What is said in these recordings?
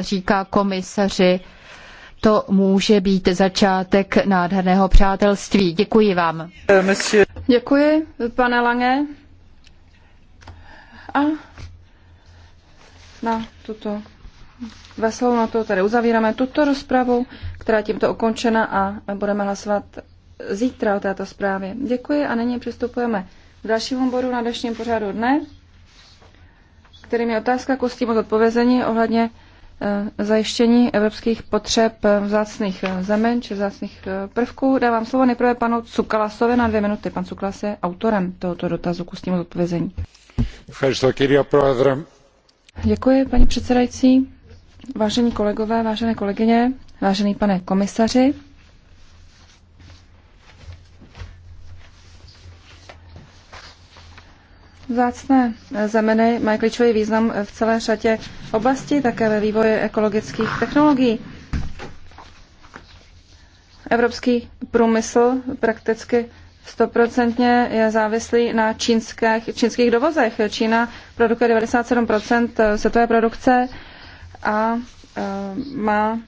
říká komisaři, to může být začátek nádherného přátelství. Děkuji vám. Děkuji, pane Lange. A na tuto veselou na to tady uzavíráme tuto rozpravu, která je tímto ukončena a budeme hlasovat zítra o této zprávě. Děkuji a nyní přistupujeme k dalšímu bodu na dnešním pořadu dne, kterým je otázka k ústnímu odpovězení ohledně Eh, zajištění evropských potřeb vzácných zemen či vzácných eh, prvků. Dávám slovo nejprve panu Cukalasovi na dvě minuty. Pan Cukalas je autorem tohoto dotazu k ústnímu odpovězení. Děkuji, paní předsedající. Vážení kolegové, vážené kolegyně, vážený pane komisaři, Vzácné zeminy mají klíčový význam v celé řadě oblastí, také ve vývoji ekologických technologií. Evropský průmysl prakticky stoprocentně je závislý na čínských, čínských dovozech. Čína produkuje 97 světové produkce a e, má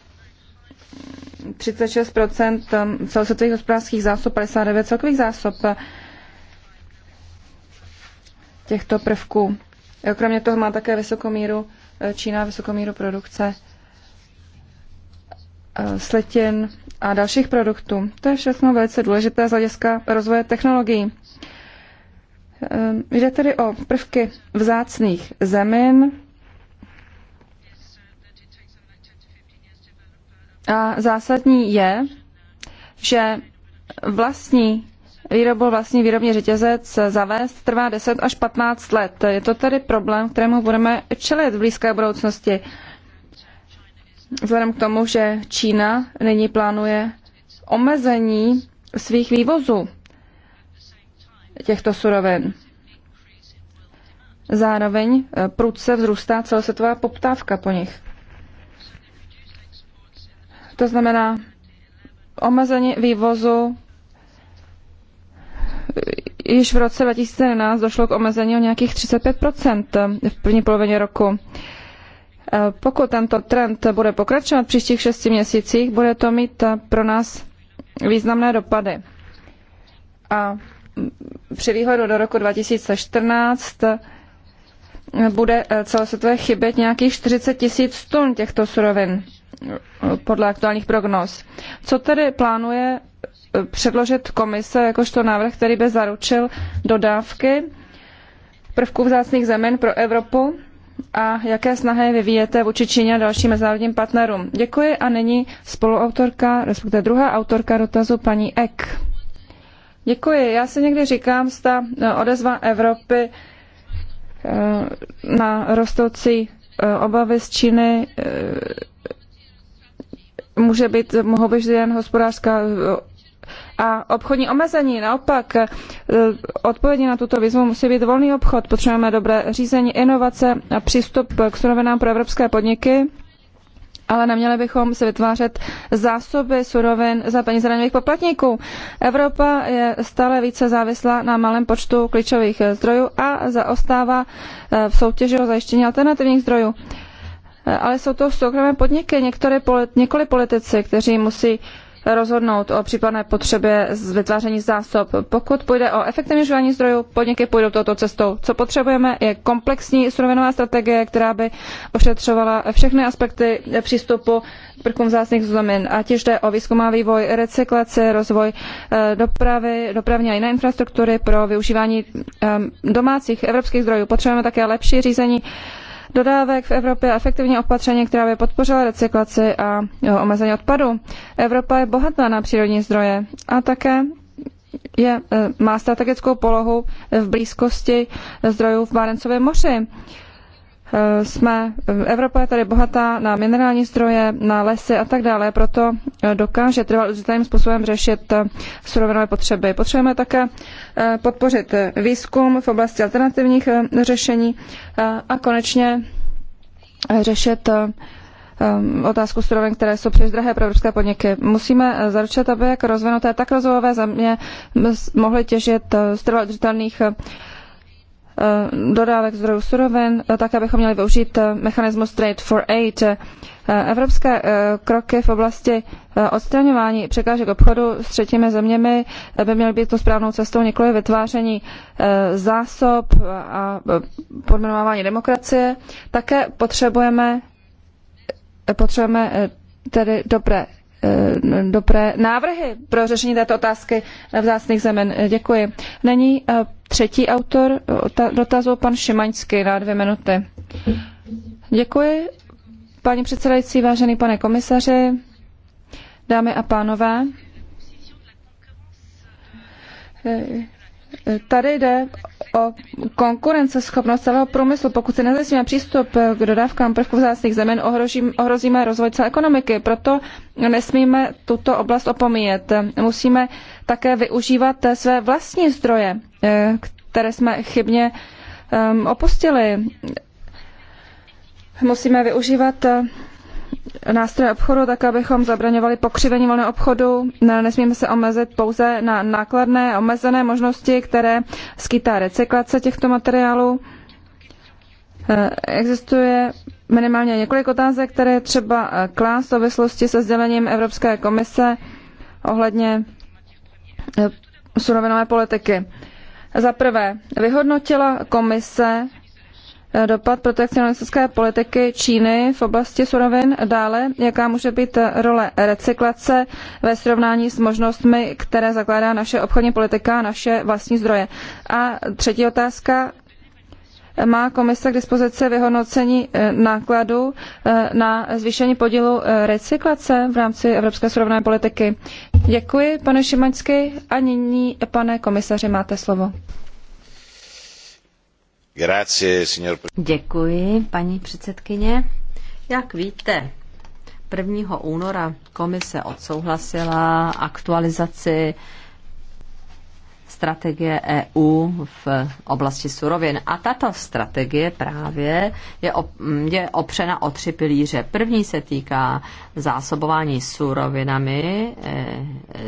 36 celosvětových hospodářských zásob, 59 celkových zásob těchto prvků. E, kromě toho má také vysokou míru e, Čína, vysokou míru produkce e, slitin a dalších produktů. To je všechno velice důležité z hlediska rozvoje technologií. Jde tedy o prvky vzácných zemin a zásadní je, že vlastní výrobu vlastní výrobní řetězec zavést trvá 10 až 15 let. Je to tedy problém, kterému budeme čelit v blízké budoucnosti. Vzhledem k tomu, že Čína nyní plánuje omezení svých vývozů těchto surovin. Zároveň prudce vzrůstá celosvětová poptávka po nich. To znamená omezení vývozu již v roce 2011 došlo k omezení o nějakých 35% v první polovině roku. E, pokud tento trend bude pokračovat v příštích šesti měsících, bude to mít e, pro nás významné dopady. A při výhledu do roku 2014 e, bude celosvětové chybět nějakých 40 tisíc tun těchto surovin podle aktuálních prognóz. Co tedy plánuje předložit komise jakožto návrh, který by zaručil dodávky prvků vzácných zemin pro Evropu a jaké snahy vyvíjete vůči Číně a dalším mezinárodním partnerům. Děkuji a nyní spoluautorka, respektive druhá autorka dotazu paní Ek. Děkuji. Já si někdy říkám, zda eh, odezva Evropy eh, na rostoucí eh, obavy z Číny může být, mohou být jen hospodářská a obchodní omezení. Naopak, eh, odpovědi na tuto výzvu musí být volný obchod. Potřebujeme dobré řízení, inovace a přístup k surovinám pro evropské podniky ale neměli bychom si vytvářet zásoby surovin za peníze daňových poplatníků. Evropa je stále více závislá na malém počtu klíčových eh, zdrojů a zaostává eh, v soutěži o zajištění alternativních zdrojů. Ale jsou to soukromé podniky, některé, několik politici, kteří musí rozhodnout o případné potřebě vytváření zásob. Pokud půjde o efektivní užívání zdrojů, podniky půjdou touto cestou. Co potřebujeme, je komplexní surovinová strategie, která by ošetřovala všechny aspekty přístupu k prvkům vzácných zemin, ať již jde o výzkum a vývoj, recyklaci, rozvoj eh, dopravy, dopravní a jiné infrastruktury pro využívání ehm, domácích evropských zdrojů. Potřebujeme také lepší řízení dodávek v Evropě a efektivní opatření, která by podpořila recyklaci a omezení odpadu. Evropa je bohatá na přírodní zdroje a také je, e, má strategickou polohu v blízkosti zdrojů v Barencově moři. Eh, jsme, eh, Evropa je tady bohatá na minerální zdroje, na lesy a tak dále, proto eh, dokáže trvat udržitelným způsobem řešit surovinové potřeby. Potřebujeme také podpořit výzkum v oblasti alternativních řešení a konečně řešit otázku surovin, které jsou příliš drahé pro evropské podniky. Musíme zaručit, aby jak rozvinuté, tak rozvojové země hm, mohly těžit z trvalodržitelných Eh, dodávek zdrojů surovin, eh, tak abychom měli využít eh, mechanismus Trade for Aid. Evropské kroky v oblasti odstraňování překážek obchodu s třetími zeměmi by měly být to správnou cestou nikoli vytváření zásob a podminovávání demokracie. Také potřebujeme, potřebujeme tedy dobré Eh, dobré návrhy pro řešení této otázky vzácných zemin. Eh, děkuji. Není eh, třetí autor dotazu, pan Šimaňský, na dvě minuty. Děkuji, paní předsedající, vážený pane komisaři, dámy a pánové. Tady jde o konkurenceschopnost celého průmyslu. Pokud si nezajistíme přístup k dodávkám prvků vzácných zemin, ohrozíme rozvoj celé ekonomiky. Proto nesmíme tuto oblast opomíjet. Musíme také využívat své vlastní zdroje, eh, které jsme chybně ehm, opustili. Musíme využívat eh, nástroje obchodu, tak abychom zabraňovali pokřivení volného obchodu. nesmíme se omezit pouze na nákladné, omezené možnosti, které skýtá recyklace těchto materiálů. Eh, existuje minimálně několik otázek, které třeba eh, klást v souvislosti se sdělením Evropské komise ohledně eh, surovinové politiky. Za prvé, vyhodnotila komise Eh, dopad protekcionistické politiky Číny v oblasti surovin, dále jaká může být role recyklace ve srovnání s možnostmi, které zakládá naše obchodní politika a naše vlastní zdroje. A třetí otázka, má komise k dispozici vyhodnocení eh, nákladů eh, na zvýšení podílu recyklace v rámci Evropské surovinové politiky. Děkuji, pane Šimaňsky, a nyní, pane komisaři, máte slovo. Děkuji, paní předsedkyně. Jak víte, 1. února komise odsouhlasila aktualizaci strategie EU v oblasti surovin. A tato strategie právě je, op, je opřena o tři pilíře. První se týká zásobování surovinami eh,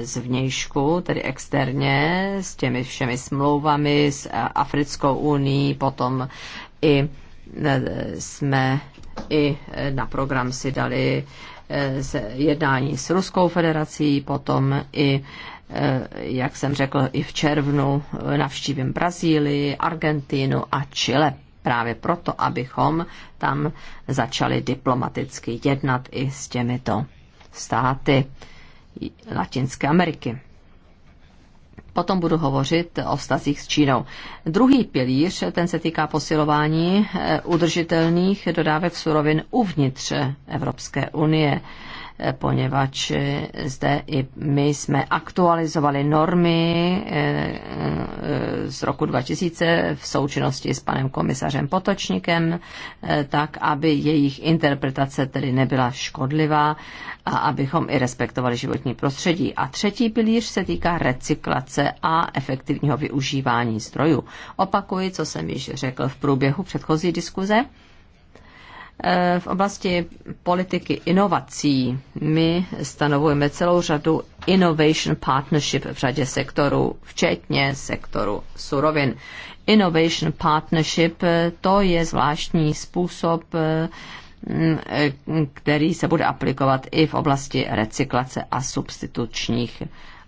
z vnějšku, tedy externě, s těmi všemi smlouvami, s Africkou unii, potom i eh, jsme i eh, na program si dali jednání s Ruskou federací, potom i Eh, jak jsem řekl, i v červnu navštívím Brazílii, Argentínu a Chile. Právě proto, abychom tam začali diplomaticky jednat i s těmito státy Latinské Ameriky. Potom budu hovořit o vztazích s Čínou. Druhý pilíř, ten se týká posilování eh, udržitelných dodávek surovin uvnitř Evropské unie poněvadž zde i my jsme aktualizovali normy eh, eh, z roku 2000 v součinnosti s panem komisařem Potočníkem, eh, tak, aby jejich interpretace tedy nebyla škodlivá a abychom i respektovali životní prostředí. A třetí pilíř se týká recyklace a efektivního využívání strojů. Opakuji, co jsem již řekl v průběhu předchozí diskuze. Eh, v oblasti politiky inovací my stanovujeme celou řadu Innovation Partnership v řadě sektorů, včetně sektoru surovin. Innovation Partnership eh, to je zvláštní způsob, eh, který se bude aplikovat i v oblasti recyklace a substitučních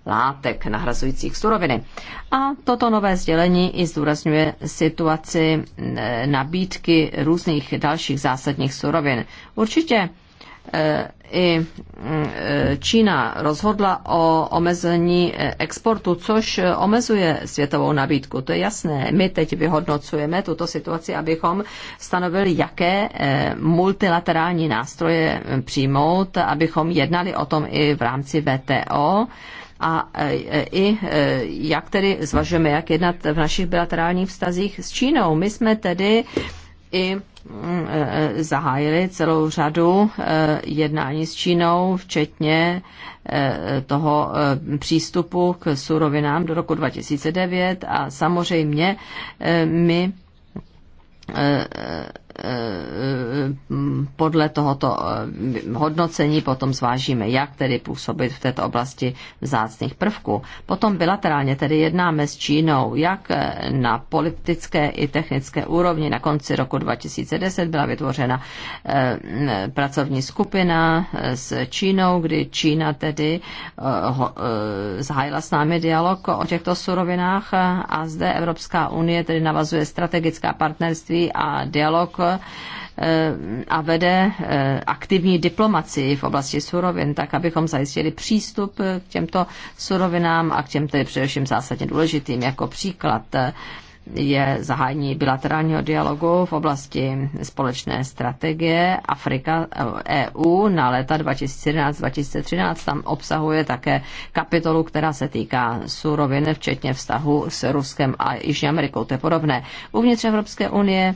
látek nahrazujících suroviny. A toto nové sdělení i zdůrazňuje situaci e, nabídky různých dalších zásadních surovin. Určitě e, i e, Čína rozhodla o omezení exportu, což omezuje světovou nabídku. To je jasné. My teď vyhodnocujeme tuto situaci, abychom stanovili, jaké multilaterální nástroje přijmout, abychom jednali o tom i v rámci VTO a e, e, i e, jak tedy zvažujeme, jak jednat v našich bilaterálních vztazích s Čínou. My jsme tedy i mm, zahájili celou řadu jednání s Čínou, včetně toho přístupu k surovinám do roku 2009 a samozřejmě my Eh, podle tohoto eh, hodnocení potom zvážíme, jak tedy působit v této oblasti vzácných prvků. Potom bilaterálně tedy jednáme s Čínou, jak eh, na politické i technické úrovni. Na konci roku 2010 byla vytvořena pracovní skupina s Čínou, kdy Čína tedy zahájila s námi dialog o těchto surovinách a zde Evropská unie tedy navazuje strategická partnerství a dialog Eh, a vede eh, aktivní diplomaci v oblasti surovin, tak abychom zajistili přístup eh, k těmto surovinám a k těm tedy především zásadně důležitým. Jako příklad je zahájení bilaterálního dialogu v oblasti společné strategie Afrika EU e na léta 2011-2013. Tam obsahuje také kapitolu, která se týká surovin, včetně vztahu s Ruskem a Jižní Amerikou. To je podobné. Uvnitř Evropské unie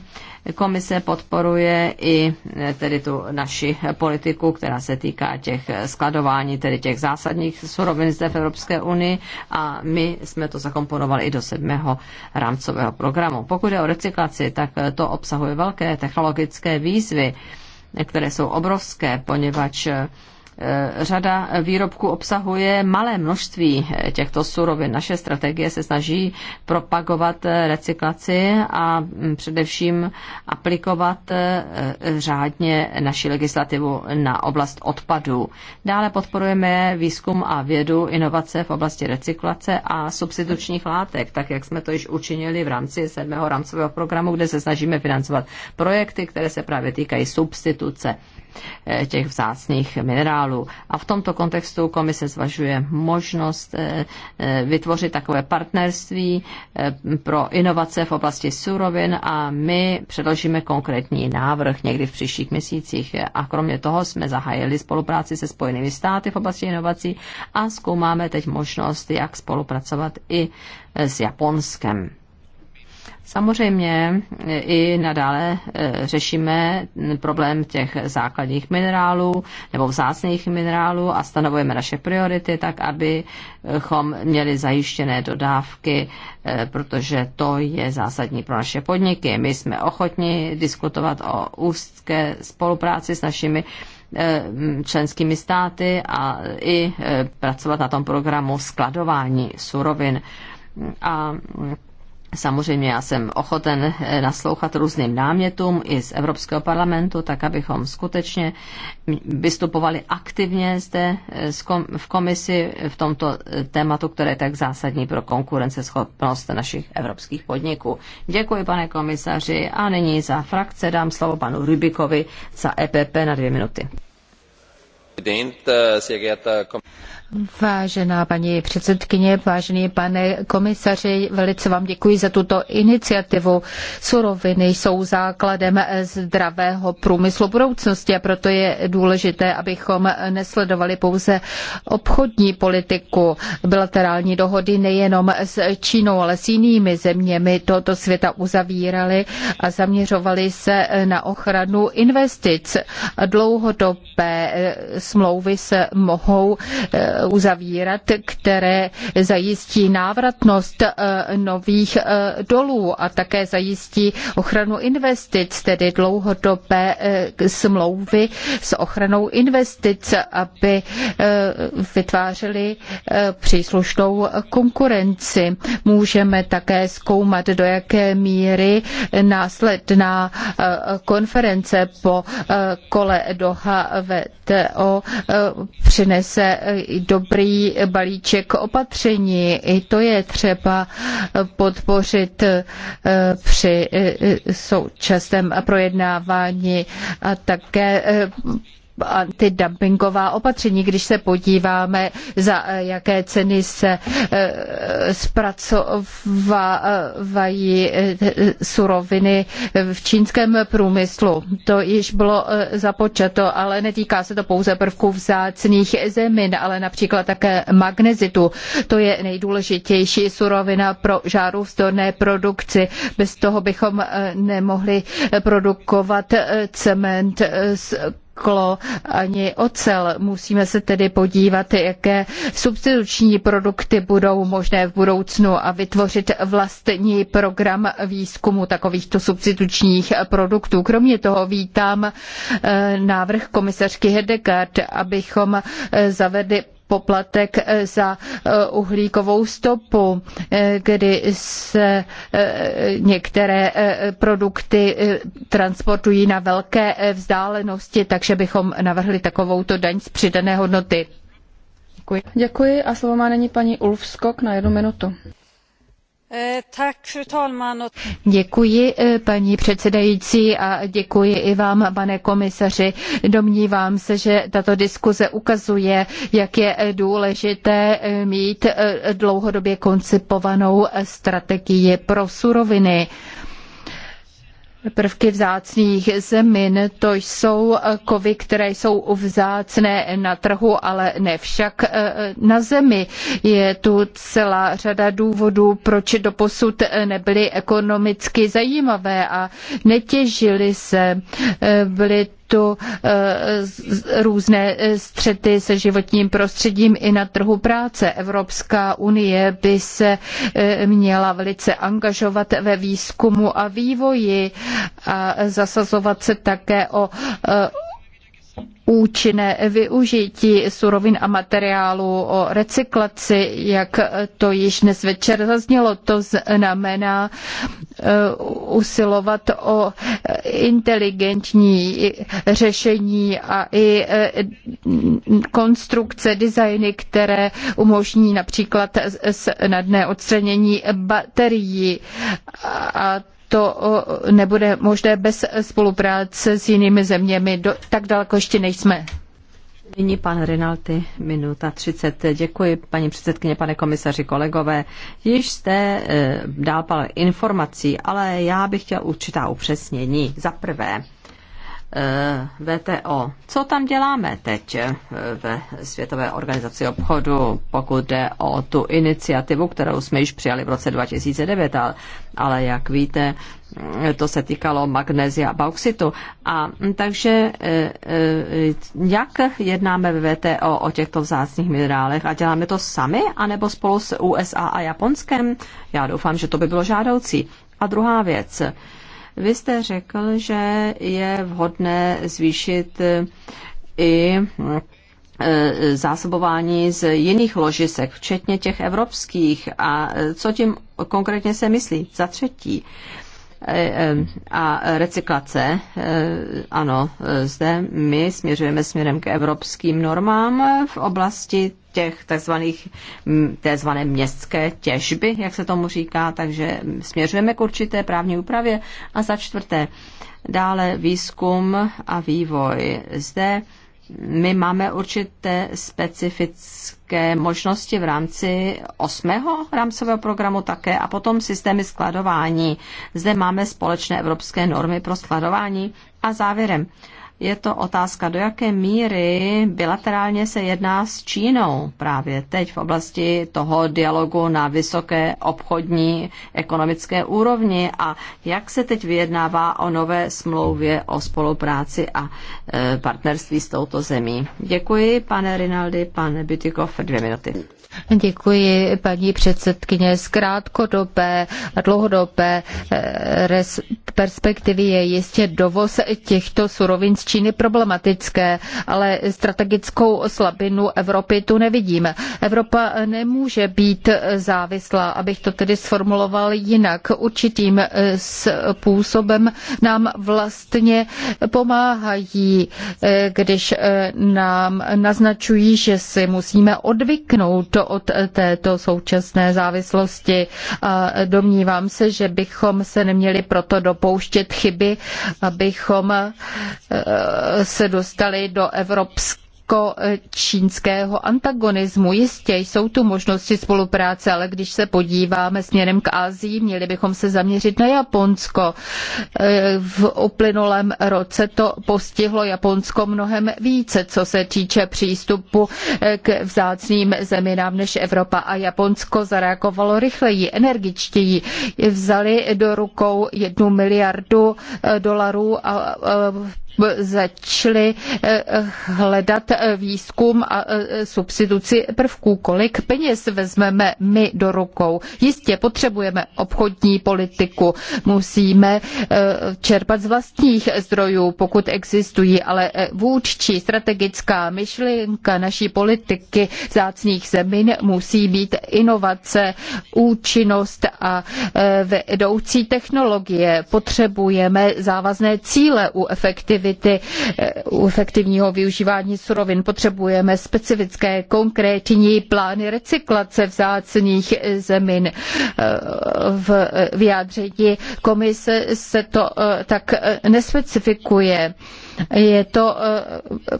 Komise podporuje i eh, tedy tu naši politiku, která se týká těch skladování, tedy těch zásadních surovin zde v Evropské unii a my jsme to zakomponovali i do sedmého rámcového programu. Pokud je o recyklaci, tak eh, to obsahuje velké technologické výzvy, které jsou obrovské, poněvadž eh, Eh, řada výrobků obsahuje malé množství eh, těchto surovin. Naše strategie se snaží propagovat eh, recyklaci a mm, především aplikovat řádně naši legislativu na oblast odpadů. Dále podporujeme výzkum a vědu, inovace v oblasti recyklace a substitučních látek, tak jak jsme to již učinili v rámci sedmého rámcového programu, kde se snažíme financovat projekty, které se právě týkají substituce těch vzácných minerálů globálu. A v tomto kontextu komise zvažuje možnost eh, eh, vytvořit takové partnerství eh, pro inovace v oblasti surovin a my předložíme konkrétní návrh někdy v příštích měsících. A kromě toho jsme zahájili spolupráci se Spojenými státy v oblasti inovací a zkoumáme teď možnost, jak spolupracovat i s Japonskem. Samozřejmě eh, i nadále eh, řešíme problém těch základních minerálů nebo vzácných minerálů a stanovujeme naše priority tak, abychom měli zajištěné dodávky, eh, protože to je zásadní pro naše podniky. My jsme ochotni diskutovat o úzké spolupráci s našimi členskými státy a i pracovat na tom programu skladování surovin. A Samozřejmě já jsem ochoten eh, naslouchat různým námětům i z Evropského parlamentu, tak abychom skutečně vystupovali aktivně zde eh, v komisi v tomto eh, tématu, které je tak zásadní pro konkurenceschopnost našich evropských podniků. Děkuji, pane komisaři, a nyní za frakce dám slovo panu Rybikovi za EPP na dvě minuty. Vážená paní předsedkyně, vážený pane komisaři, velice vám děkuji za tuto iniciativu. Suroviny jsou základem zdravého průmyslu budoucnosti a proto je důležité, abychom nesledovali pouze obchodní politiku, bilaterální dohody nejenom s Čínou, ale s jinými zeměmi tohoto světa uzavírali a zaměřovali se na ochranu investic. Dlouhodobé smlouvy se mohou eh, uzavírat, které zajistí návratnost eh, nových eh, dolů a také zajistí ochranu investic, tedy dlouhodobé eh, smlouvy s ochranou investic, aby vytvářely příslušnou konkurenci. Můžeme také zkoumat, do jaké míry následná konference po kole Doha VTO přinese dobrý balíček opatření. I to je třeba podpořit eh, při eh, současném projednávání a také eh, antidumpingová opatření. Když se podíváme, za eh, jaké ceny se eh, zpracovávají eh, suroviny v čínském průmyslu. To již bylo započato, ale netýká se to pouze prvků vzácných zemin, ale například také magnezitu. To je nejdůležitější surovina pro žáru produkci. Bez toho bychom nemohli produkovat cement z sklo ani ocel. Musíme se tedy podívat, jaké substituční produkty budou možné v budoucnu a vytvořit vlastní program výzkumu takovýchto substitučních produktů. Kromě toho vítám eh, návrh komisařky Hedegard, abychom eh, zavedli poplatek eh, za eh, uhlíkovou stopu, eh, kdy se některé produkty transportují na velké vzdálenosti, takže bychom navrhli takovouto daň z přidané hodnoty. Děkuji. Děkuji a slovo má nyní paní Ulfskok na jednu minutu. Děkuji, eh, paní předsedající, a děkuji i vám, pane komisaři. Domnívám se, že tato diskuze ukazuje, jak je důležité eh, mít eh, dlouhodobě koncipovanou strategii pro suroviny prvky vzácných zemin. To jsou eh, kovy, které jsou vzácné na trhu, ale ne však eh, na zemi. Je tu celá řada důvodů, proč doposud eh, nebyly ekonomicky zajímavé a netěžily se. Byly tu eh, různé eh, střety se životním prostředím i na trhu práce. Evropská unie by se eh, měla velice angažovat ve výzkumu a vývoji a zasazovat se také o účinné využití surovin a materiálů, o recyklaci, jak to již dnes večer zaznělo. To znamená eh, usilovat o inteligentní řešení a i eh, konstrukce, designy, které umožní například snadné odstranění baterií. A to nebude možné bez spolupráce s jinými zeměmi. Do, tak daleko ještě nejsme. Nyní pan Rinalty, minuta 30. Děkuji, paní předsedkyně, pane komisaři, kolegové. Již jste e, dál pár informací, ale já bych chtěl určitá upřesnění. Za prvé, Eh, VTO. Co tam děláme teď eh, ve Světové organizaci obchodu, pokud jde o tu iniciativu, kterou jsme již přijali v roce 2009, ale jak víte, eh, to se týkalo magnézia a bauxitu. A hm, takže jak jednáme ve VTO o těchto vzácných minerálech a děláme to sami, anebo spolu s USA a Japonskem? Já doufám, že to by bylo žádoucí. A druhá věc, vy jste řekl, že je vhodné zvýšit eh, i eh, zásobování z jiných ložisek, včetně těch evropských. A eh, co tím konkrétně se myslí? Za třetí, Eh, eh, a recyklace, eh, ano, zde my směřujeme směrem k evropským normám v oblasti těch takzvaných, takzvané městské těžby, jak se tomu říká, takže směřujeme k určité právní úpravě. A za čtvrté, dále výzkum a vývoj. Zde my máme určité specifické možnosti v rámci osmého rámcového programu také a potom systémy skladování. Zde máme společné evropské normy pro skladování a závěrem je to otázka, do jaké míry bilaterálně se jedná s Čínou právě teď v oblasti toho dialogu na vysoké obchodní ekonomické úrovni a jak se teď vyjednává o nové smlouvě o spolupráci a e, partnerství s touto zemí. Děkuji, pane Rinaldi, pane Bytikov, dvě minuty. Děkuji, paní předsedkyně. Z krátkodobé a dlouhodobé eh, perspektivy je jistě dovoz těchto surovin z Číny problematické, ale strategickou slabinu Evropy tu nevidím. Evropa nemůže být závislá, abych to tedy sformuloval jinak. Určitým eh, způsobem nám vlastně pomáhají, eh, když nám naznačují, že si musíme odvyknout od této současné závislosti. domnívám se, že bychom se neměli proto dopouštět chyby, abychom eh, se dostali do evropské Eh, čínského antagonismu. Jistě jsou tu možnosti spolupráce, ale když se podíváme směrem k Asii, měli bychom se zaměřit na Japonsko. Eh, v uplynulém roce to postihlo Japonsko mnohem více, co se týče přístupu eh, k vzácným zeminám než Evropa a Japonsko zareagovalo rychleji, energičtěji. Vzali do rukou jednu miliardu dolarů a začali eh, hledat eh, výzkum a eh, substituci prvků. Kolik peněz vezmeme my do rukou? Jistě potřebujeme obchodní politiku, musíme čerpat z vlastních zdrojů, pokud existují, ale vůdčí strategická myšlenka naší politiky zácných zemin musí být inovace, účinnost a vedoucí technologie. Potřebujeme závazné cíle u efektivity efektivity, eh, efektivního využívání surovin. Potřebujeme specifické konkrétní plány recyklace vzácných zemin. Eh, v vyjádření komise se to eh, tak nespecifikuje. Je to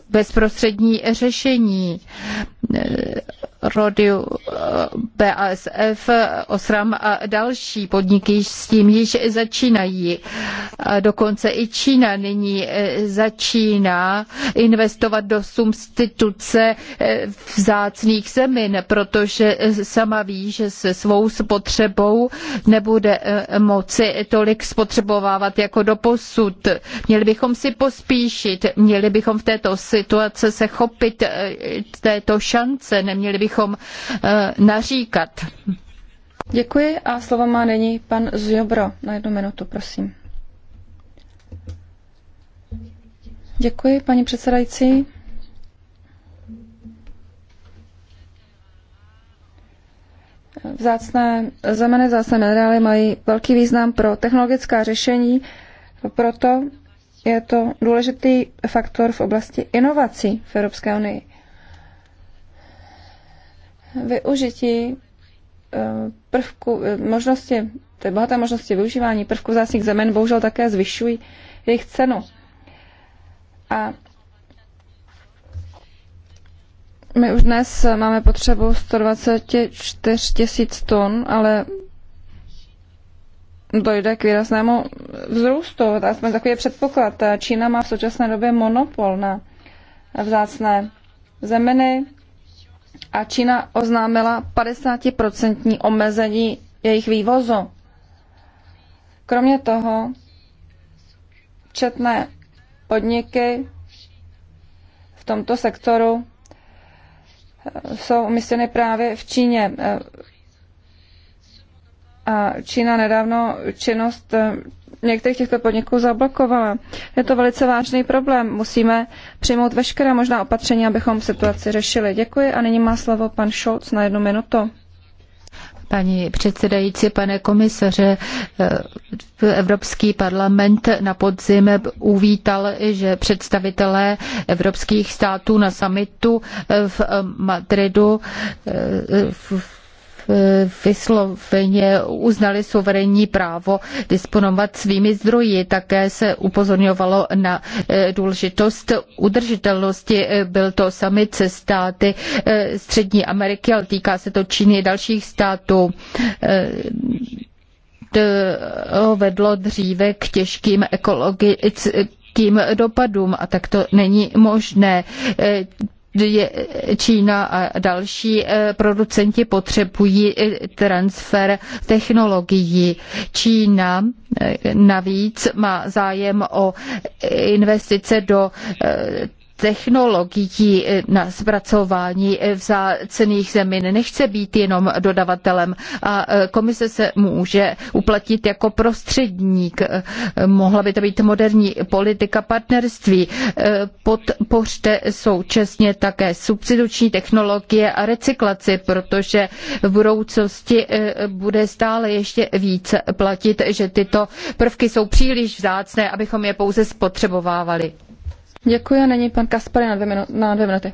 bezprostřední řešení Rodiu, eh, BASF, Osram a další podniky s tím již začínají. Dokonce i Čína nyní eh, začíná investovat do substituce eh, vzácných zemin, protože sama ví, že se svou spotřebou nebude moci tolik spotřebovávat jako doposud. Měli bychom si pospíšit, měli bychom v této situaci se chopit této šance, neměli bychom bychom eh, naříkat. Děkuji a slovo má nyní pan Zjobro. Na jednu minutu, prosím. Děkuji, paní předsedající. Vzácné zemeny, vzácné minerály mají velký význam pro technologická řešení, proto je to důležitý faktor v oblasti inovací v Evropské unii využití eh, prvku, eh, možnosti, té bohaté možnosti využívání prvků zásných zemen bohužel také zvyšují jejich cenu. A my už dnes máme potřebu 124 tisíc tun, ale dojde k výraznému vzrůstu. jsme takový předpoklad. Čína má v současné době monopol na vzácné zeminy, a Čína oznámila 50% omezení jejich vývozu. Kromě toho četné podniky v tomto sektoru eh, jsou umístěny právě v Číně. Eh, a Čína nedávno činnost eh, některých těchto podniků zablokovala. Je to velice vážný problém. Musíme přijmout veškerá možná opatření, abychom situaci řešili. Děkuji a nyní má slovo pan Scholz na jednu minutu. Paní předsedající, pane komisaře, eh, Evropský parlament na podzim uvítal, že představitelé evropských států na samitu eh, v eh, Madridu v vysloveně uznali suverénní právo disponovat svými zdroji. Také se upozorňovalo na eh, důležitost udržitelnosti. Eh, byl to summit se státy eh, Střední Ameriky, ale týká se to Číny i dalších států vedlo dříve k těžkým ekologickým dopadům a tak to není možné je Čína a další e, producenti potřebují e, transfer technologií. Čína e, navíc má zájem o investice do technologií eh, na zpracování vzácených eh, zemin. Nechce být jenom dodavatelem a eh, komise se může uplatit jako prostředník. Mohla by to být moderní politika partnerství. Podpořte současně také substituční technologie a recyklaci, protože v budoucnosti bude stále ještě více platit, že tyto prvky jsou příliš vzácné, abychom je pouze spotřebovávali. Děkuji a není pan Kaspary na dvě, minu- na dvě minuty.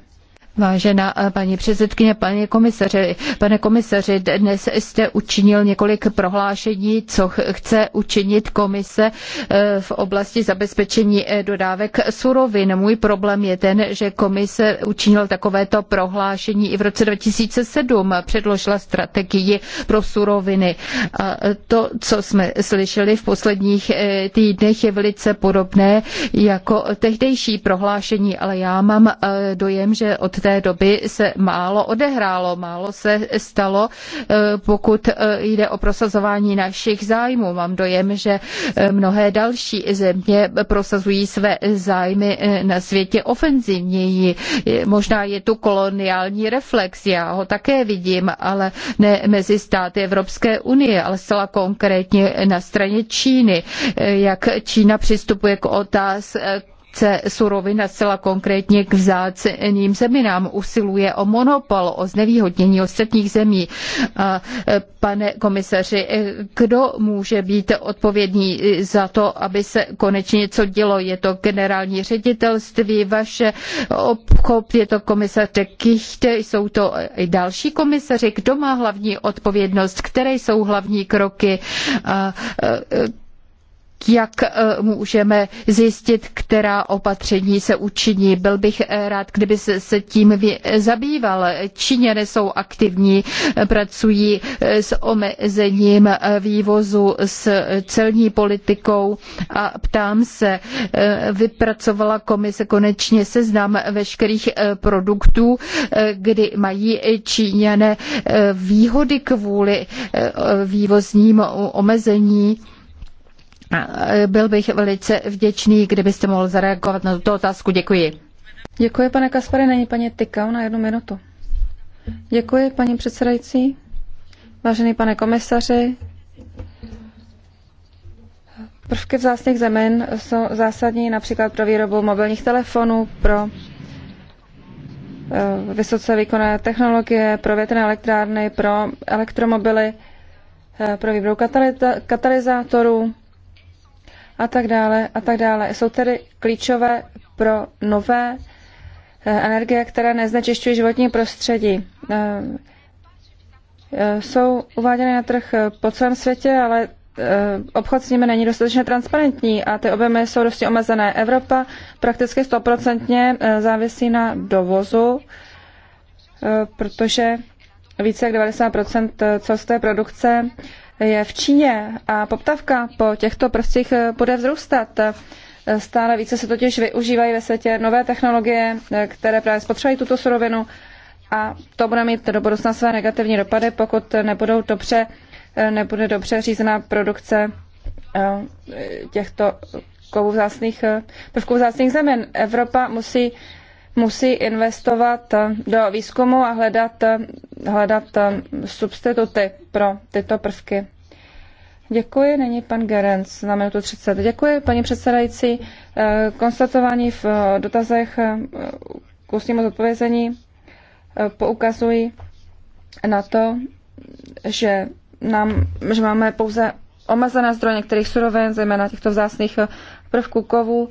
Vážená paní předsedkyně, paní komisaři, pane komisaři, dnes jste učinil několik prohlášení, co chce učinit komise eh, v oblasti zabezpečení eh, dodávek surovin. Můj problém je ten, že komise učinil takovéto prohlášení i v roce 2007, předložila strategii pro suroviny. A to, co jsme slyšeli v posledních eh, týdnech, je velice podobné jako tehdejší prohlášení, ale já mám dojem, že od té doby se málo odehrálo, málo se stalo, eh, pokud eh, jde o prosazování našich zájmů. Mám dojem, že eh, mnohé další země prosazují své zájmy na světě ofenzivněji. Možná je tu koloniální reflex, já ho také vidím, ale ne mezi státy Evropské unie, ale zcela konkrétně na straně Číny, jak Čína přistupuje k otázce produkce surovin a zcela konkrétně k vzáceným zeminám. Usiluje o monopol, o znevýhodnění ostatních zemí. E, pane komisaři, e, kdo může být odpovědný e, za to, aby se konečně něco dělo? Je to generální ředitelství, vaše obchod, je to komisař de Kichte, jsou to i další komisaři. Kdo má hlavní odpovědnost? Které jsou hlavní kroky? jak eh, můžeme zjistit, která opatření se učiní. Byl bych eh, rád, kdyby se tím zabýval. Číňané jsou aktivní, eh, pracují s omezením vývozu, s celní politikou a ptám se, vypracovala komise konečně seznam veškerých produktů, kdy mají Číňané výhody kvůli vývozním omezení. E, byl bych velice vděčný, kdybyste mohl zareagovat na tuto otázku. Děkuji. Děkuji, pane Kaspare. Není paní Tykau na jednu minutu. Děkuji, paní předsedající. Vážený pane komisaři, prvky vzácných zemin jsou zásadní například pro výrobu mobilních telefonů, pro e, vysoce výkonné technologie, pro větrné elektrárny, pro elektromobily, e, pro výrobu katalyzátorů a tak dále a tak dále. Jsou tedy klíčové pro nové eh, energie, které neznečišťují životní prostředí. Eh, eh, jsou uváděny na trh po celém světě, ale obchod s nimi není dostatečně transparentní a ty objemy jsou dosti omezené. Evropa prakticky stoprocentně závisí na dovozu, protože více jak 90 celosté produkce je v Číně a poptavka po těchto prvcích eh, bude vzrůstat. Eh, stále více se totiž využívají ve světě nové technologie, eh, které právě spotřebují tuto surovinu a to bude mít do budoucna své negativní dopady, pokud nebudou dobře, nebude dobře řízená produkce těchto kovů vzácných, prvků vzácných zemin. Evropa musí, musí investovat do výzkumu a hledat, hledat substituty pro tyto prvky Děkuji, není pan Gerenc na minutu 30. Děkuji, paní předsedající. Eh, konstatování v eh, dotazech eh, k ústnímu zodpovězení poukazují na to, že, nám, že máme pouze omezené zdroje některých surovin, zejména těchto vzácných prvků kovů,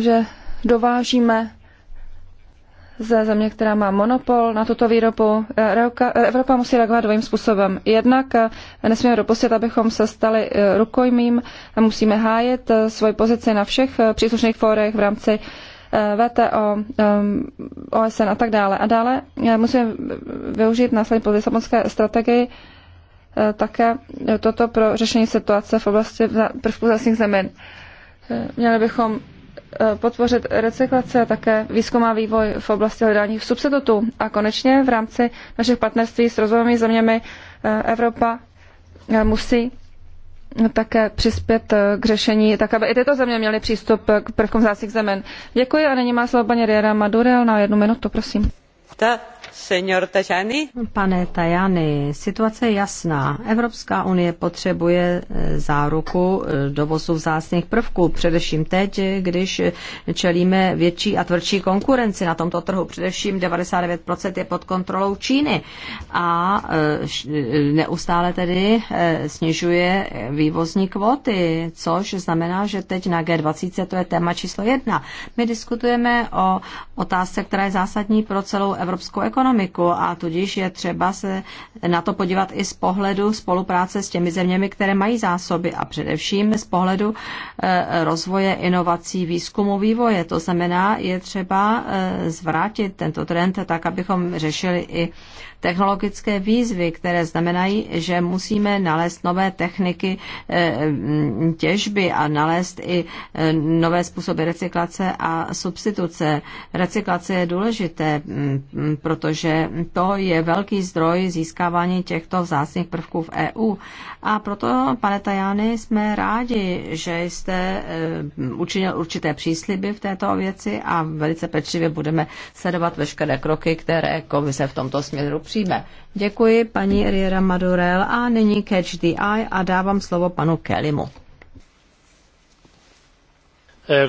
že dovážíme ze země, která má monopol na tuto výrobu. Eh, eh, Evropa musí reagovat dvojím způsobem. Jednak eh, nesmíme dopustit, abychom se stali rukojmím, musíme hájit svoji pozici na všech příslušných fórech v rámci VTO, OSN a tak dále. A dále musíme využít následně po Lisabonské strategii také toto pro řešení situace v oblasti prvků zásných zemin. Měli bychom Eh, podpořit recyklace a také výzkum a vývoj v oblasti hledání substitutů. A konečně v rámci našich partnerství s rozvojovými zeměmi eh, Evropa eh, musí také přispět k řešení, tak aby i tyto země měly přístup k prvkům zásih zemin. Děkuji a nyní má slovo paní Riera Madurel na jednu minutu, prosím. Pane Tajani, situace je jasná. Evropská unie potřebuje e, záruku e, dovozu vzácných prvků, především teď, když čelíme větší a tvrdší konkurenci na tomto trhu. Především 99% je pod kontrolou Číny a e, neustále tedy snižuje vývozní kvóty, což znamená, že teď na G20 to je téma číslo jedna. My diskutujeme o otázce, která je zásadní pro celou evropskou ekonomiku ekonomiku a tudíž je třeba se na to podívat i z pohledu spolupráce s těmi zeměmi, které mají zásoby a především z pohledu eh, rozvoje inovací, výzkumu, vývoje. To znamená, je třeba eh, zvrátit tento trend tak, abychom řešili i technologické výzvy, které znamenají, že musíme nalézt nové techniky eh, těžby a nalézt i nové způsoby recyklace a substituce. Recyklace je důležité, proto protože to je velký zdroj získávání těchto vzácných prvků v EU. A proto, pane Tajány, jsme rádi, že jste eh, učinil určité přísliby v této věci a velice pečlivě budeme sledovat veškeré kroky, které komise v tomto směru přijme. Děkuji paní Riera Madurel a nyní Catch the Eye a dávám slovo panu Kellymu. Eh,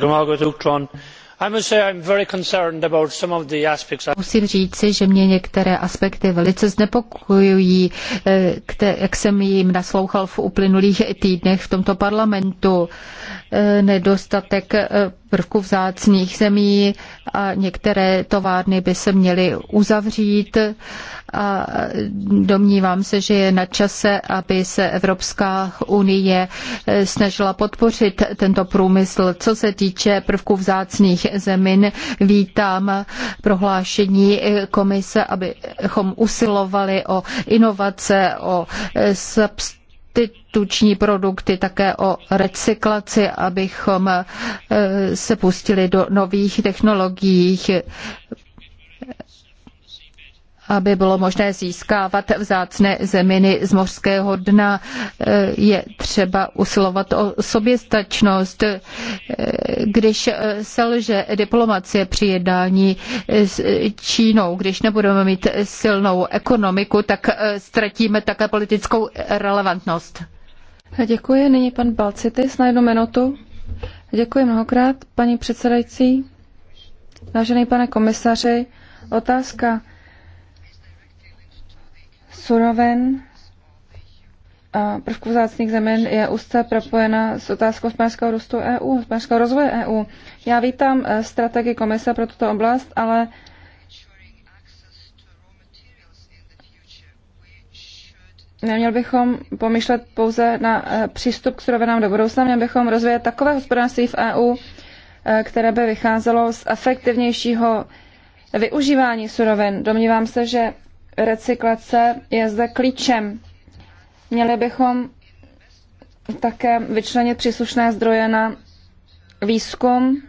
Musím říci, že mě některé aspekty velice znepokojují, eh, jak jsem jim naslouchal v uplynulých týdnech v tomto parlamentu. Eh, nedostatek eh, prvků vzácných zemí a některé továrny by se měly uzavřít. A domnívám se, že je na čase, aby se Evropská unie snažila podpořit tento průmysl. Co se týče prvků vzácných zemin, vítám prohlášení komise, abychom usilovali o inovace, o substituce restituční produkty, také o recyklaci, abychom eh, se pustili do nových technologií aby bylo možné získávat vzácné zeminy z mořského dna. Je třeba usilovat o soběstačnost. Když selže diplomacie při jednání s Čínou, když nebudeme mít silnou ekonomiku, tak ztratíme také politickou relevantnost. Děkuji. Nyní pan Balcitis na jednu minutu. Děkuji mnohokrát, paní předsedající. Vážený pane komisaři, otázka suroven a prvků vzácných zemin je úzce propojena s otázkou hospodářského růstu EU, hospodářského rozvoje EU. Já vítám eh, strategii komise pro tuto oblast, ale Neměl bychom pomyšlet pouze na eh, přístup k surovinám do budoucna, měl bychom rozvíjet takové hospodářství v EU, eh, které by vycházelo z efektivnějšího využívání surovin. Domnívám se, že recyklace je zde klíčem. Měli bychom také vyčlenit příslušné zdroje na výzkum.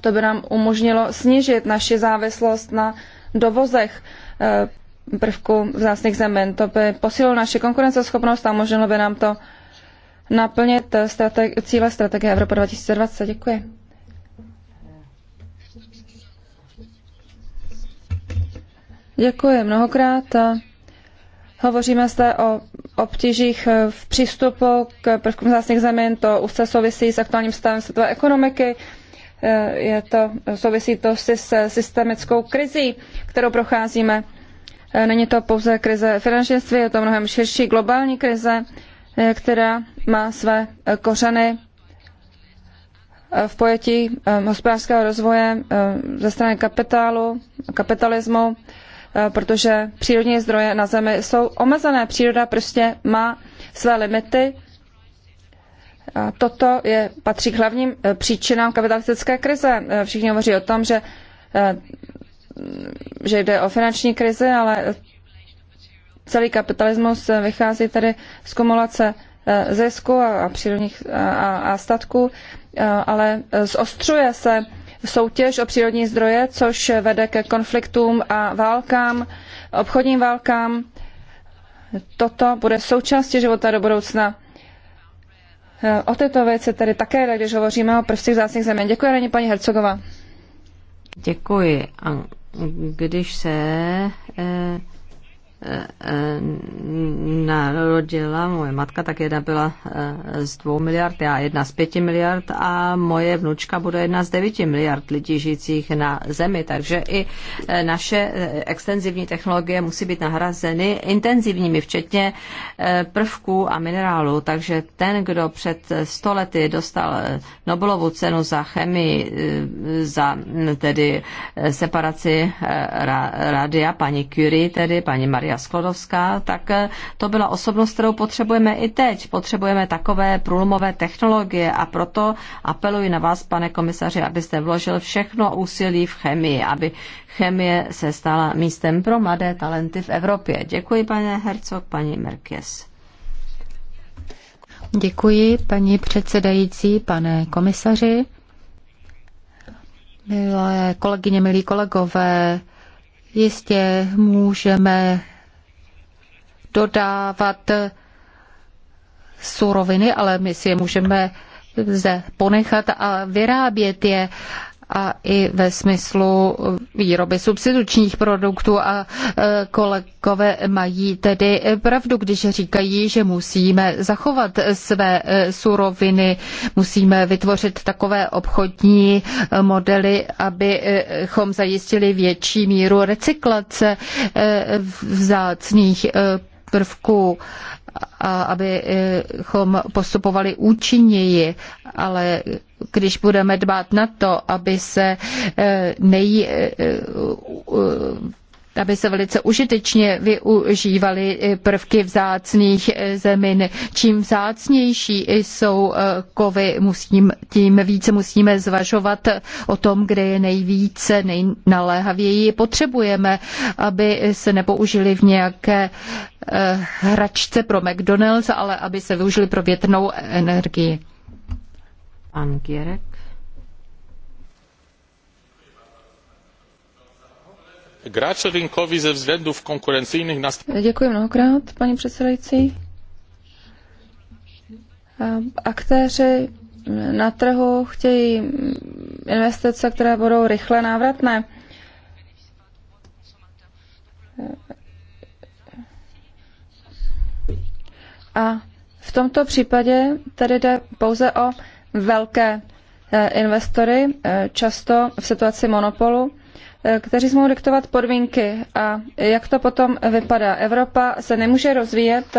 To by nám umožnilo snížit naši závislost na dovozech eh, prvků vzácných zemin. To by posílilo naši konkurenceschopnost a umožnilo by nám to naplnit eh, strate- cíle strategie Evropa 2020. Děkuji. Děkuji mnohokrát. Hovoříme zde o obtížích v přístupu k prvkům zásných zemin. To úzce souvisí s aktuálním stavem světové ekonomiky. Je to, souvisí to si s systemickou krizí, kterou procházíme. Není to pouze krize finančnictví, je to mnohem širší globální krize, která má své kořeny v pojetí hospodářského rozvoje ze strany kapitálu, kapitalismu Eh, protože přírodní zdroje na Zemi jsou omezené. Příroda prostě má své limity. A toto je, patří k hlavním eh, příčinám kapitalistické krize. Eh, všichni hovoří o tom, že, že jde o finanční krizi, ale celý kapitalismus vychází tedy z kumulace zisku a, přírodních a, a statků, ale zostřuje se soutěž o přírodní zdroje, což vede ke konfliktům a válkám, obchodním válkám. Toto bude součástí života do budoucna. O této věci tedy také, když hovoříme o prvcích vzácných zeměn. Děkuji, Reni, paní Hercogová. Děkuji. A když se eh, narodila moje matka, tak jedna byla eh, z dvou miliard, já jedna z pěti miliard a moje vnučka bude jedna z devíti miliard lidí žijících na Zemi. Takže i eh, naše eh, extenzivní technologie musí být nahrazeny intenzivními, včetně prvků a minerálů. Takže ten, kdo před stolety dostal Nobelovu cenu za chemii, za tedy separaci rádia, paní Curie, tedy paní Marie Maria Sklodovská, tak eh, to byla osobnost, kterou potřebujeme i teď. Potřebujeme takové průlomové technologie a proto apeluji na vás, pane komisaři, abyste vložil všechno úsilí v chemii, aby chemie se stala místem pro mladé talenty v Evropě. Děkuji, pane Hercog, paní Merkes. Děkuji, paní předsedající, pane komisaři. Milé kolegyně, milí kolegové, jistě můžeme dodávat suroviny, ale my si je můžeme zde ponechat a vyrábět je a i ve smyslu výroby substitučních produktů a e, kolegové mají tedy pravdu, když říkají, že musíme zachovat své e, suroviny, musíme vytvořit takové obchodní e, modely, abychom zajistili větší míru recyklace vzácných prvků, abychom e, postupovali účinněji, ale když budeme dbát na to, aby se e, nej e, aby se velice užitečně využívaly prvky vzácných e, zemin. Čím vzácnější jsou e, kovy, musím, tím více musíme zvažovat o tom, kde je nejvíce, nejnaléhavěji potřebujeme, aby se nepoužili v nějaké e, hračce pro McDonald's, ale aby se využili pro větrnou energii. Pan Gierek. Gracze rynkowi ze względów konkurencyjnych... Děkuji mnohokrát, paní předsedající. Aktéři na trhu chtějí investice, které budou rychle návratné. A v tomto případě tedy jde pouze o velké eh, investory, eh, často v situaci monopolu Eh, kteří smou diktovat podmínky. A jak to potom vypadá? Evropa se nemůže rozvíjet,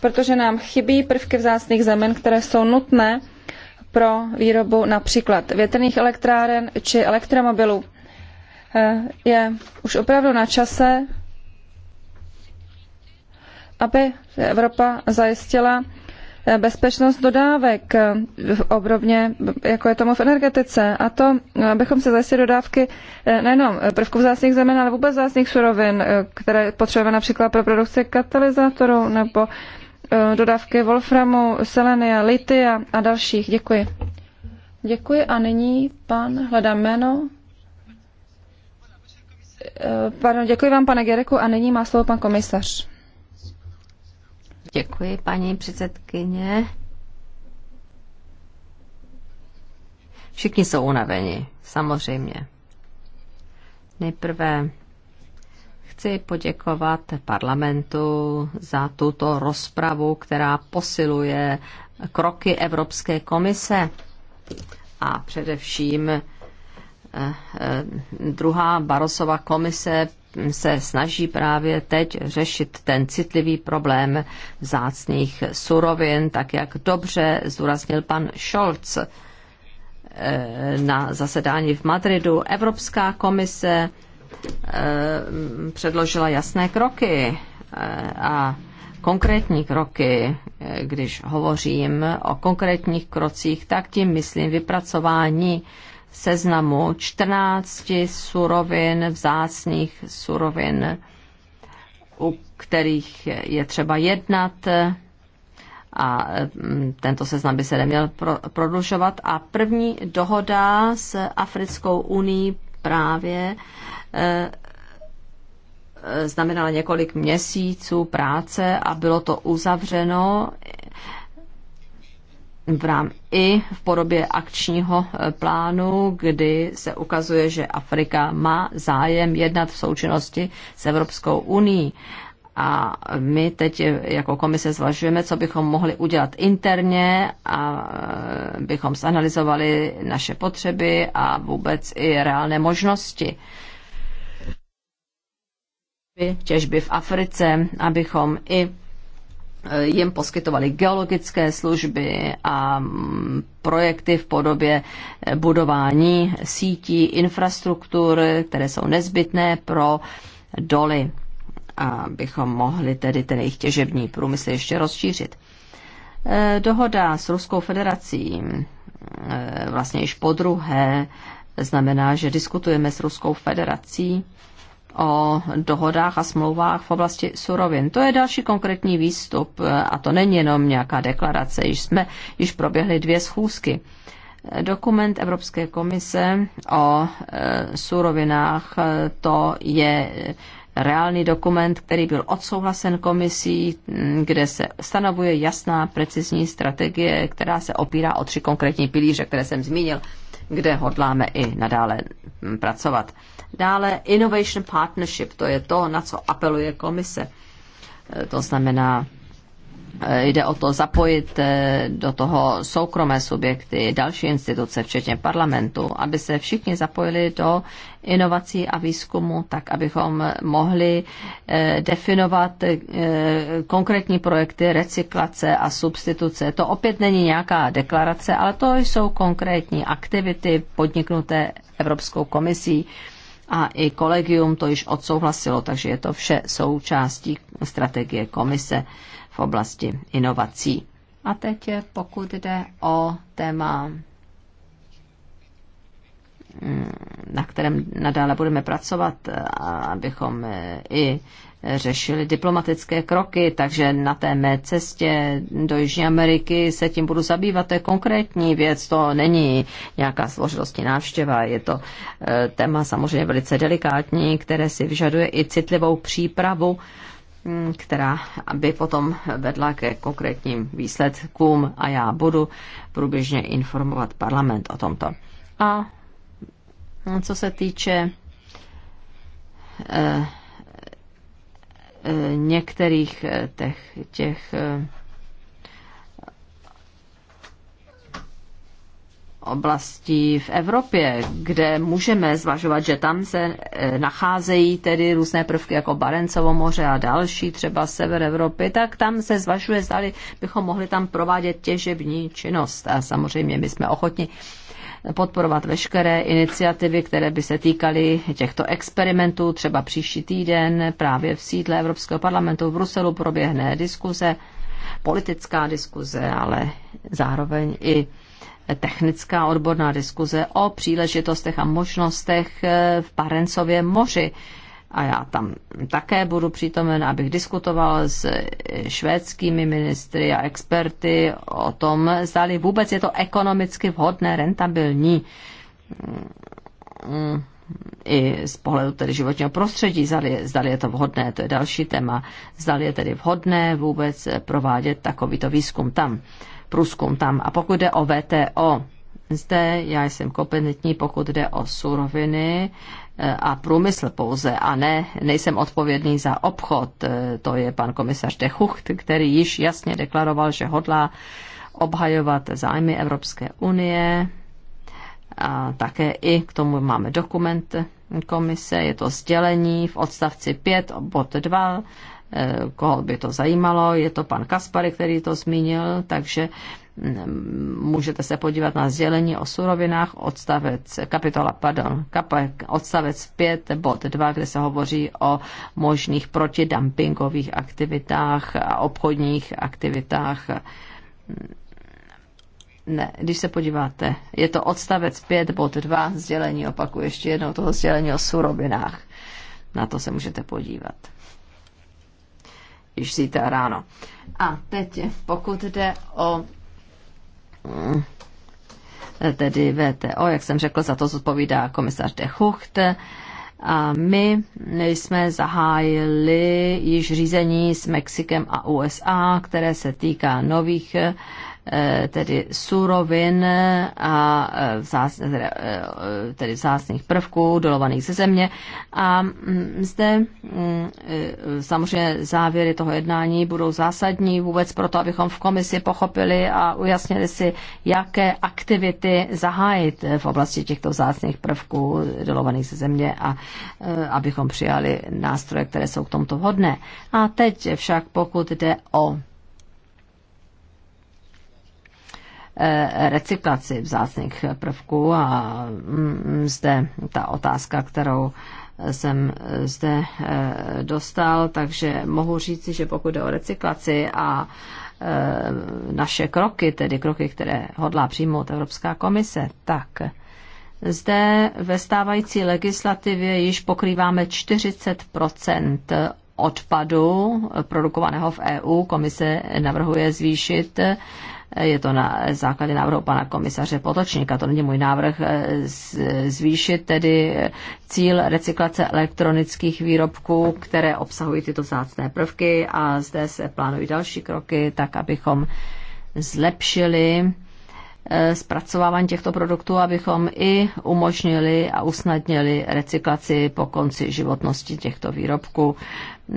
protože nám chybí prvky vzácných zemin, které jsou nutné pro výrobu například větrných elektráren či elektromobilů. Eh, je už opravdu na čase, aby Evropa zajistila Eh, bezpečnost dodávek, eh, obrovně jako je tomu v energetice. A to, eh, abychom se zajistili dodávky nejenom prvků vzácných zemin, ale vůbec vzácných surovin, které potřebujeme například pro produkci katalyzátorů nebo dodávky wolframu, selenia, litia a dalších. Děkuji. Děkuji a nyní pan hledá jméno. Pardon, děkuji vám, pane Gereku, a nyní má slovo pan komisař. Děkuji, paní předsedkyně. Všichni jsou unaveni, samozřejmě. Nejprve chci poděkovat parlamentu za tuto rozpravu, která posiluje kroky Evropské komise a především eh, eh, druhá Barosova komise se snaží právě teď řešit ten citlivý problém vzácných surovin, tak jak dobře zdůraznil pan Scholz eh, na zasedání v Madridu. Evropská komise eh, předložila jasné kroky eh, a konkrétní kroky, když hovořím o konkrétních krocích, tak tím myslím vypracování seznamu 14 surovin, vzácných surovin, u kterých je třeba jednat a mm, tento seznam by se neměl pro, prodlužovat. A první dohoda s Africkou unii právě e, e znamenala několik měsíců práce a bylo to uzavřeno v rám i v podobě akčního eh, plánu, kdy se ukazuje, že Afrika má zájem jednat v součinnosti s Evropskou unii. A my teď eh, jako komise zvažujeme, co bychom mohli udělat interně a eh, bychom zanalizovali naše potřeby a vůbec i reálné možnosti těžby v Africe, abychom i Eh, jim poskytovali geologické služby a mm, projekty v podobě eh, budování sítí, infrastruktur, které jsou nezbytné pro doly, abychom mohli tedy ten jejich těžební průmysl ještě rozšířit. Eh, dohoda s Ruskou federací vlastně již po druhé znamená, že diskutujeme s Ruskou federací o dohodách a smlouvách v oblasti surovin. To je další konkrétní výstup eh, a to není jenom nějaká deklarace, již jsme, již proběhly dvě schůzky. Dokument Evropské komise o eh, surovinách, eh, to je reálný dokument, který byl odsouhlasen komisí, hm, kde se stanovuje jasná, precizní strategie, která se opírá o tři konkrétní pilíře, které jsem zmínil kde hodláme i nadále pracovat. Dále Innovation Partnership, to je to, na co apeluje komise. E, to znamená jde o to zapojit eh, do toho soukromé subjekty, další instituce, včetně parlamentu, aby se všichni zapojili do inovací a výzkumu, tak abychom mohli eh, definovat eh, konkrétní projekty recyklace a substituce. To opět není nějaká deklarace, ale to jsou konkrétní aktivity podniknuté Evropskou komisí a i kolegium to již odsouhlasilo, takže je to vše součástí strategie komise v oblasti inovací. A teď pokud jde o téma, mm, na kterém nadále budeme pracovat, abychom e, i řešili diplomatické kroky, takže na té mé cestě do Jižní Ameriky se tím budu zabývat. To je konkrétní věc, to není nějaká složitostní návštěva, je to e, téma samozřejmě velice delikátní, které si vyžaduje i citlivou přípravu. Mm, která by potom vedla ke konkrétním výsledkům a já budu průběžně informovat parlament o tomto. A co se týče eh, eh, některých eh, těch, těch oblastí v Evropě, kde můžeme zvažovat, že tam se eh, nacházejí tedy různé prvky jako Barencovo moře a další, třeba sever Evropy, tak tam se zvažuje, zda bychom mohli tam provádět těžební činnost. A samozřejmě my jsme ochotni podporovat veškeré iniciativy, které by se týkaly těchto experimentů. Třeba příští týden právě v sídle Evropského parlamentu v Bruselu proběhne diskuze, politická diskuze, ale zároveň i technická odborná diskuze o příležitostech a možnostech eh, v Parencově moři. A já tam také budu přítomen, abych diskutoval s eh, švédskými ministry a experty o tom, zdali vůbec je to ekonomicky vhodné, rentabilní mm, mm, i z pohledu tedy životního prostředí, zdali, zdali je to vhodné, to je další téma, zdali je tedy vhodné vůbec provádět takovýto výzkum tam průzkum tam. A pokud jde o VTO, zde já jsem kompetentní, pokud jde o suroviny eh, a průmysl pouze, a ne, nejsem odpovědný za obchod. Eh, to je pan komisař De Hucht, který již jasně deklaroval, že hodlá obhajovat zájmy Evropské unie. A také i k tomu máme dokument komise, je to sdělení v odstavci 5, bod 2, Eh, koho by to zajímalo. Je to pan Kaspary, který to zmínil, takže mm, můžete se podívat na sdělení o surovinách, odstavec, kapitola, pardon, kap odstavec 5, bod 2, kde se hovoří o možných protidumpingových aktivitách a obchodních aktivitách. Mm, ne, když se podíváte, je to odstavec 5, bod 2, sdělení, opakuji ještě jednou toho sdělení o surovinách. Na to se můžete podívat již zítra ráno. A teď, pokud jde o mm, tedy VTO, jak jsem řekl, za to zodpovídá komisař de Hucht. A my jsme zahájili již řízení s Mexikem a USA, které se týká nových Eh, tedy surovin eh, a eh, tedy vzácných prvků dolovaných ze země. A mm, zde mm, samozřejmě závěry toho jednání budou zásadní vůbec proto, abychom v komisi pochopili a ujasnili si, jaké aktivity zahájit v oblasti těchto vzácných prvků dolovaných ze země a abychom přijali nástroje, které jsou k tomuto vhodné. A teď však pokud jde o Eh, recyklaci vzácných prvků a mm, zde ta otázka, kterou jsem zde eh, dostal, takže mohu říci, že pokud jde o recyklaci a eh, naše kroky, tedy kroky, které hodlá přijmout Evropská komise, tak zde ve stávající legislativě již pokrýváme 40 odpadu produkovaného v EU. Komise navrhuje zvýšit je to na základě návrhu pana komisaře Potočníka, to není můj návrh, eh, zvýšit tedy cíl recyklace elektronických výrobků, které obsahují tyto zácné prvky a zde se plánují další kroky, tak abychom zlepšili Eh, zpracovávání těchto produktů, abychom i umožnili a usnadnili recyklaci po konci životnosti těchto výrobků.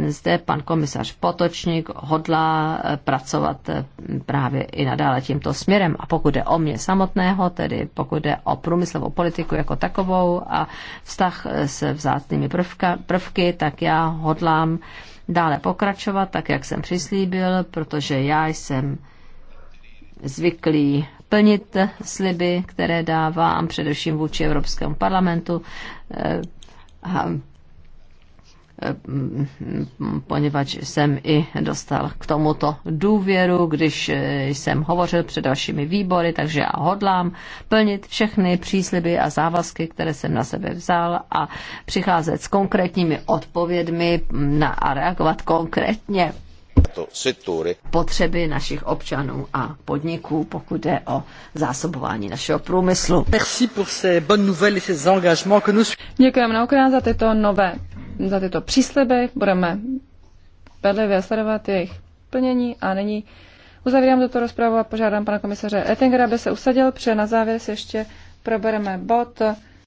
Zde pan komisař Potočník hodlá eh, pracovat eh, právě i nadále tímto směrem. A pokud jde o mě samotného, tedy pokud jde o průmyslovou politiku jako takovou a vztah se vzácnými prvky, tak já hodlám dále pokračovat, tak jak jsem přislíbil, protože já jsem zvyklý plnit sliby, které dávám především vůči Evropskému parlamentu. Eh, a eh, poněvadž jsem i dostal k tomuto důvěru, když eh, jsem hovořil před dalšími výbory, takže já hodlám plnit všechny přísliby a závazky, které jsem na sebe vzal a přicházet s konkrétními odpovědmi na, a reagovat konkrétně potřeby našich občanů a podniků, pokud jde o zásobování našeho průmyslu. Děkujeme mnohokrát za tyto nové, za tyto přísliby. Budeme bedlivě sledovat jejich plnění a nyní uzavírám tuto rozpravu a požádám pana komisaře Ettingera, aby se usadil, protože na závěr si ještě probereme bod